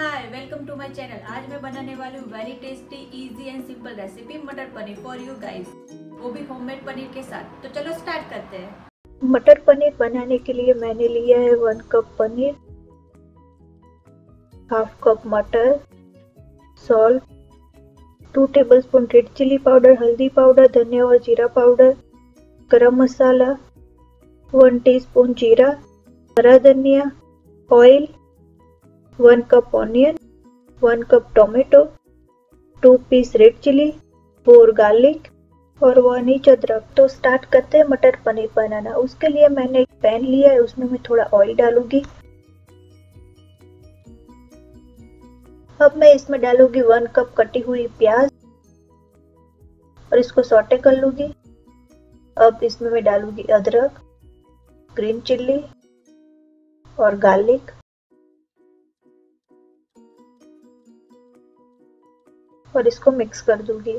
hi welcome to my channel आज मैं बनाने वाली हूँ very tasty easy and simple recipe matar paneer for you guys वो भी होममेड पनीर के साथ तो चलो स्टार्ट करते हैं मटर पनीर बनाने के लिए मैंने लिया है one cup paneer half cup matar salt two tablespoon red chilli powder हल्दी पाउडर धनिया और जीरा powder garam masala one teaspoon जीरा हरा धनिया oil one cup onion one cup tomato two piece red chilli four garlic और वन इंच अदरक तो स्टार्ट करते हैं मटर पनीर बनाना उसके लिए मैंने एक पैन लिया है उसमें मैं थोड़ा ऑयल डालूंगी अब मैं इसमें डालूंगी वन कप कटी हुई प्याज और इसको सोटे कर लूंगी अब इसमें मैं डालूंगी अदरक ग्रीन चिल्ली और गार्लिक और इसको मिक्स कर दूंगी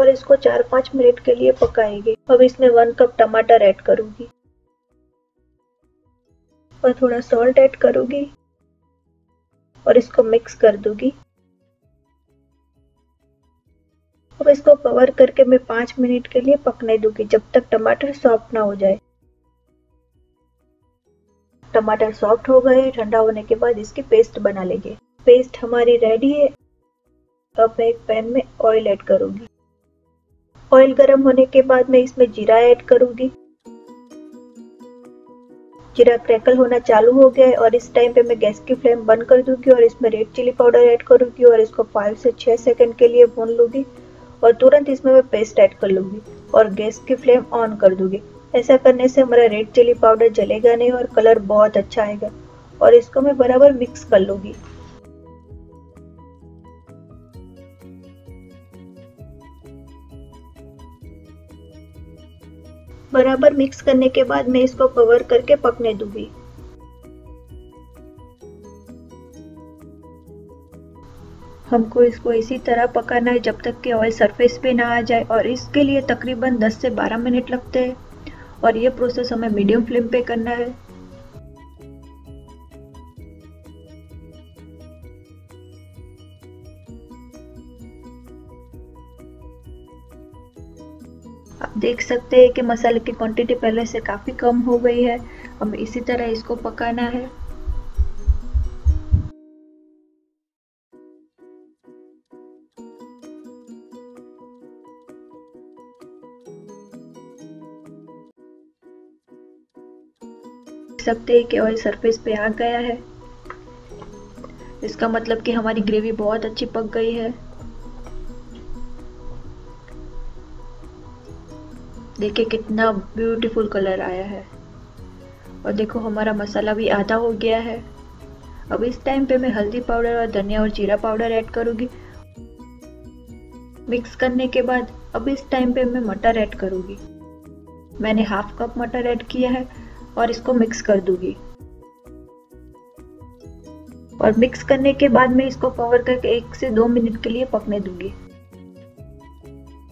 और इसको चार पाँच मिनट के लिए पकाएगी अब इसमें वन कप टमाटर ऐड करूंगी और थोड़ा सॉल्ट ऐड करूंगी और इसको मिक्स कर दूंगी अब इसको कवर करके मैं पाँच मिनट के लिए पकने दूंगी जब तक टमाटर सॉफ्ट ना हो जाए टमाटर सॉफ्ट हो गए ठंडा होने के बाद इसकी पेस्ट बना लेंगे पेस्ट हमारी रेडी है तो अब मैं एक पैन में ऑयल ऐड करूंगी ऑयल गर्म होने के बाद मैं इसमें जीरा ऐड करूंगी जीरा क्रैकल होना चालू हो गया है और इस टाइम पे मैं गैस की फ्लेम बंद कर दूंगी और इसमें रेड चिली पाउडर ऐड करूंगी और इसको 5 से 6 सेकंड के लिए भून लूंगी और तुरंत इसमें मैं पेस्ट ऐड कर लूंगी और गैस की फ्लेम ऑन कर दूंगी ऐसा करने से हमारा रेड चिली पाउडर जलेगा नहीं और कलर बहुत अच्छा आएगा और इसको मैं बराबर मिक्स कर लूंगी बराबर मिक्स करने के बाद मैं इसको कवर करके पकने दूंगी हमको इसको इसी तरह पकाना है जब तक कि ऑयल सरफेस पे ना आ जाए और इसके लिए तकरीबन 10 से 12 मिनट लगते हैं और ये प्रोसेस हमें मीडियम फ्लेम पे करना है आप देख सकते हैं कि मसाले की क्वांटिटी पहले से काफ़ी कम हो गई है हमें इसी तरह इसको पकाना है सकते हैं कि ऑयल सरफेस पे आ गया है इसका मतलब कि हमारी ग्रेवी बहुत अच्छी पक गई है देखिए कितना ब्यूटीफुल कलर आया है और देखो हमारा मसाला भी आधा हो गया है अब इस टाइम पे मैं हल्दी पाउडर और धनिया और जीरा पाउडर ऐड करूँगी मिक्स करने के बाद अब इस टाइम पे मैं मटर ऐड करूँगी मैंने हाफ कप मटर ऐड किया है और इसको मिक्स कर दूंगी और मिक्स करने के बाद मैं इसको कवर करके एक से दो मिनट के लिए पकने दूंगी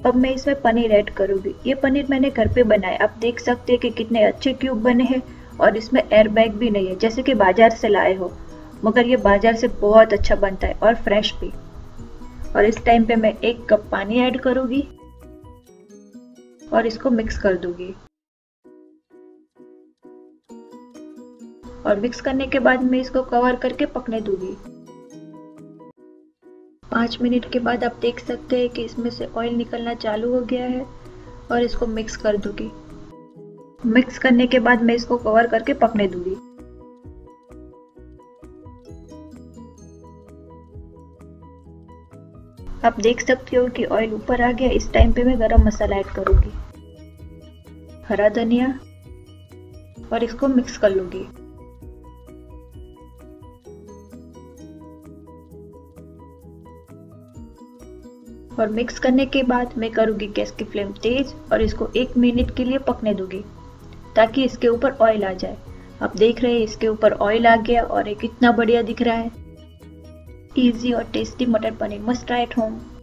अब मैं इसमें पनीर ऐड करूंगी ये पनीर मैंने घर पे बनाया आप देख सकते हैं कि कितने अच्छे क्यूब बने हैं और इसमें एयर बैग भी नहीं है जैसे कि बाज़ार से लाए हो मगर ये बाज़ार से बहुत अच्छा बनता है और फ्रेश भी और इस टाइम पे मैं एक कप पानी ऐड करूंगी और इसको मिक्स कर दूंगी और मिक्स करने के बाद मैं इसको कवर करके पकने दूंगी पाँच मिनट के बाद आप देख सकते हैं कि इसमें से ऑयल निकलना चालू हो गया है और इसको मिक्स कर दूंगी मिक्स करने के बाद मैं इसको कवर करके पकने दूंगी आप देख सकते हो कि ऑयल ऊपर आ गया इस टाइम पे मैं गरम मसाला ऐड करूंगी हरा धनिया और इसको मिक्स कर लूंगी और मिक्स करने के बाद मैं करूँगी गैस की फ्लेम तेज और इसको एक मिनट के लिए पकने दूंगी ताकि इसके ऊपर ऑयल आ जाए आप देख रहे हैं इसके ऊपर ऑयल आ गया और ये कितना बढ़िया दिख रहा है इजी और tasty matar paneer must try at home